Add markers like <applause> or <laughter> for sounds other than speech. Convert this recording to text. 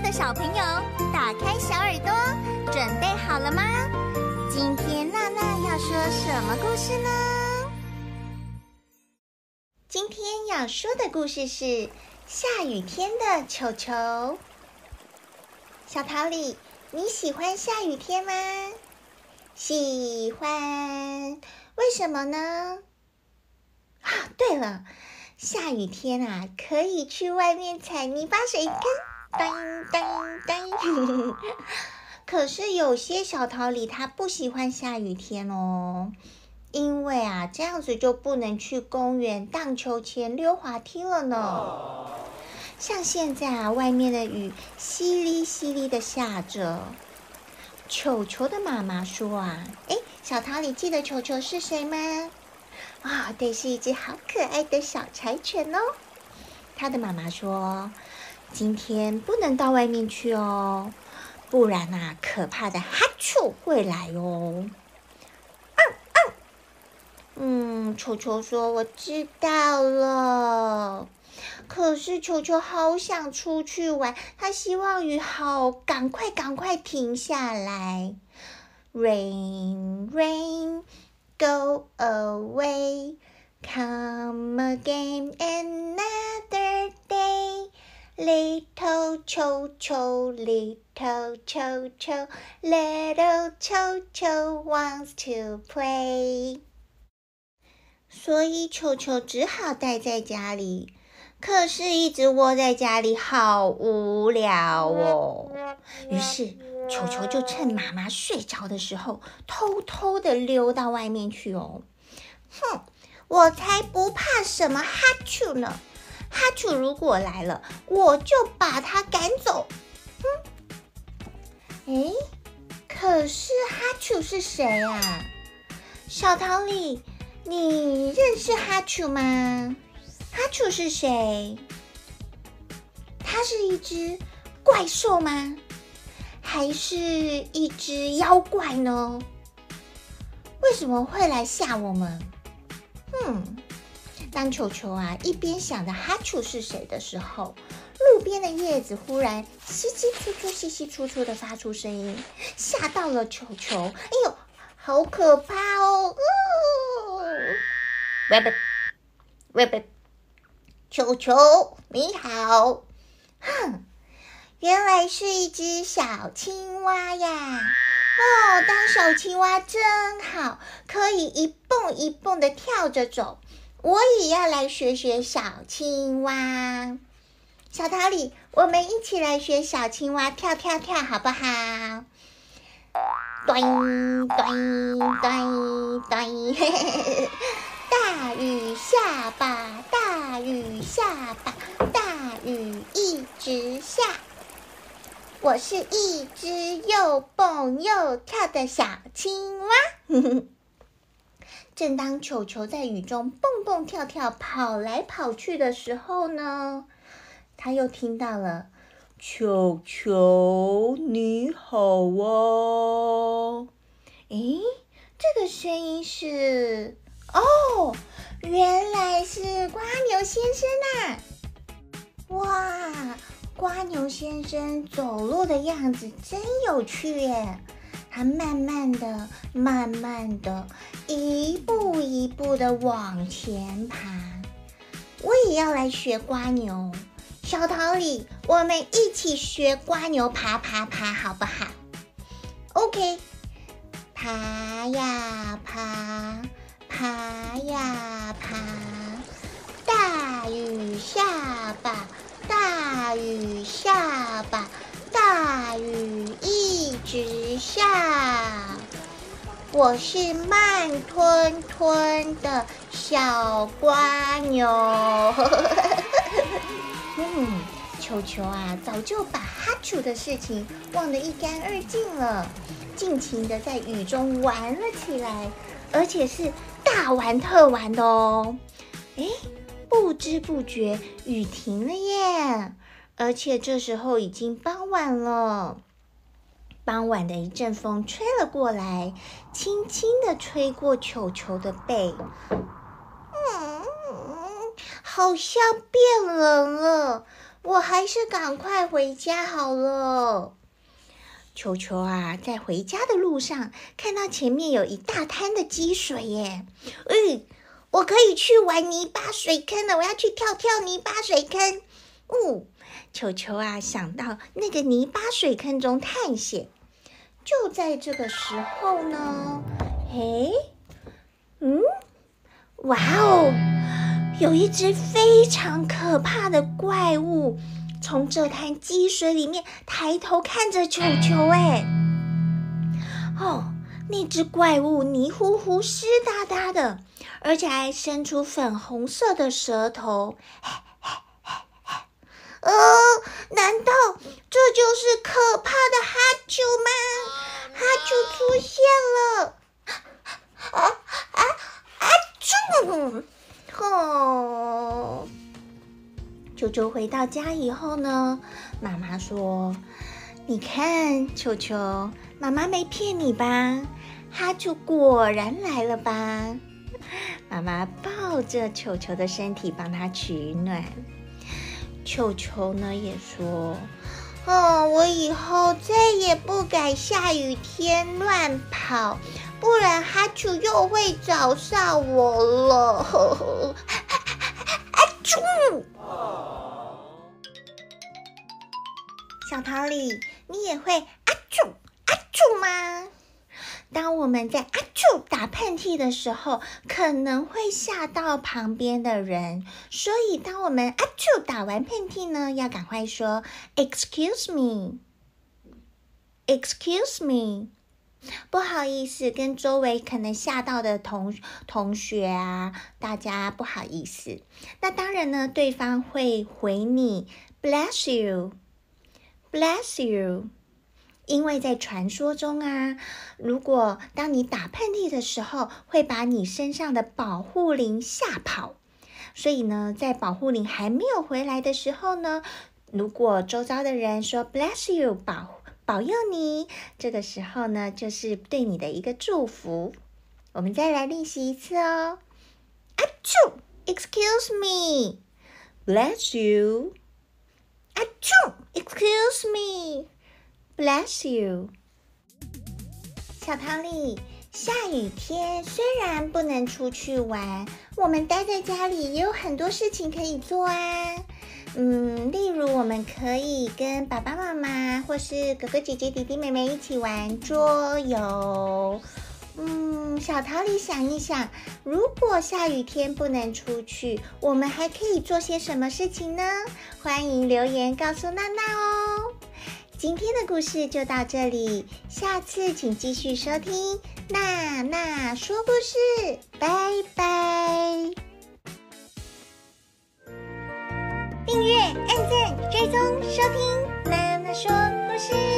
的小朋友，打開小耳朵，準備好了嗎？今天娜娜要說什麼故事呢？今天要說的故事是《下雨天的球球》。小桃李，你喜歡下雨天嗎？喜歡。為什麼呢？啊，對了，下雨天啊，可以去外面踩泥巴水坑。噔噔噔！可是有些小桃李他不喜歡下雨天哦，因為啊，這樣子就不能去公園盪秋千、溜滑梯了呢。像現在啊，外面的雨淅瀝淅瀝的下着。球球的媽媽說啊，哎，小桃李記得球球是誰嗎？啊，對，是一隻好可愛的小柴犬哦。他的媽媽說。今天不能到外面去哦，不然啊，可怕的哈啾會來哦。嗯、uh, 嗯、uh，嗯，球球說，我知道了，可是球球好想出去玩，他希望雨好趕快趕快停下來。Rain, rain, go away. Come again another. 球球，球，球，球，球，little 球球，little 球球，wants to play。所以球球只好待在家裡，可是，一直窩在家裡好無聊哦。於是，球球就趁媽媽睡着的時候，偷偷的溜到外面去哦。哼，我才不怕什麼哈啾呢！哈啾如果來了，我就把他趕走。哼、嗯！哎，可是哈啾是誰啊？小桃李，你認識哈啾嗎？哈啾是誰？他是一隻怪獸嗎？還是一隻妖怪呢？為什麼會來嚇我們？嗯。當球球啊，一邊想着哈啾是誰的時候，路邊的葉子忽然窸窸窣窣，窸窸窣窣的發出聲音，嚇到了球球。哎呦，好可怕哦！嗯，喂喂，喂喂，球球你好，哼，原來是一隻小青蛙呀！哦，當小青蛙真好，可以一蹦一蹦的跳着走。我也要來學學小青蛙，小桃李，我們一起來學小青蛙跳跳跳，好不好？咚咚咚咚，嘿嘿嘿，大雨下吧，大雨下吧，大雨一直下。我是一隻又蹦又跳的小青蛙。 <laughs> 正當球球在雨中蹦蹦跳跳，跑來跑去的時候呢，他又聽到了“球球你好哦，啊”，哎，這個聲音是哦，原來是蝸牛先生吶，啊！哇，蝸牛先生走路的樣子真有趣耶！它慢慢的、慢慢的、一步一步的往前爬。我也要來學蝸牛，小桃李，我們一起學蝸牛爬爬爬、爬，好不好？OK，爬呀爬，爬呀爬，大雨下吧，大雨下吧，大雨下吧。大雨直下，我是慢吞吞的小蝸牛。 <laughs> 嗯，球球啊，早就把哈啾的事情忘得一乾二淨了，盡情的在雨中玩了起來，而且是大玩特玩的哦。誒，不知不覺雨停了耶，而且這時候已經傍晚了。傍晚的一陣風吹了過來，輕輕地吹過球球的背。嗯，好像變冷了，我還是趕快回家好了。球球啊，在回家的路上，看到前面有一大灘的積水耶。嗯，我可以去玩泥巴水坑了，我要去跳跳泥巴水坑。嗯。球球啊，想到那個泥巴水坑中探險。就在這個時候呢，誒嗯，哇哦，有一隻非常可怕的怪物從這灘積水裡面抬頭看着球球，誒哦，那隻怪物泥糊糊、濕噠噠的，而且還伸出粉紅色的舌頭，嘿嘿。呃，難道這就是可怕的哈啾嗎？哈啾出現了！啊啊啊！啾、啊、吼！球、啊、球回到家以後呢，媽媽說：“你看，球球，媽媽沒騙你吧？哈啾果然來了吧？”媽媽抱着球球的身體，幫它取暖。球球呢也說，嗯、哦，我以後再也不敢下雨天亂跑，不然哈啾又會找上我了。阿、啊、小桃李，你也會哈啾哈啾嗎？當我們在阿嚏、打噴嚏的時候，可能會嚇到旁邊的人，所以當我們阿嚏、打完噴嚏呢，要趕快說 Excuse me，Excuse me，不好意思，跟周圍可能嚇到的同同學啊，大家不好意思。那當然呢，對方會回你 Bless you，Bless you，Bless you。因為在傳說中啊，如果當你打噴嚏的時候，會把你身上的保護靈嚇跑。所以呢，在保護靈還沒有回來的時候呢，如果周遭的人說 Bless you，保保佑你，這個時候呢，就是對你的一個祝福。我們再來練習一次哦。哈啾，Excuse me，Bless you。哈啾，Excuse me。Bless you，小桃李。下雨天雖然不能出去玩，我們待在家裡也有很多事情可以做啊。嗯，例如我們可以跟爸爸媽媽或是哥哥姐姐、弟弟妹妹一起玩桌遊。嗯，小桃李想一想，如果下雨天不能出去，我們還可以做些什麼事情呢？歡迎留言告訴娜娜哦。今天的故事就到這裡，下次請繼續收聽娜娜說故事，拜拜。訂閱、按讚、追蹤、收聽娜娜說故事。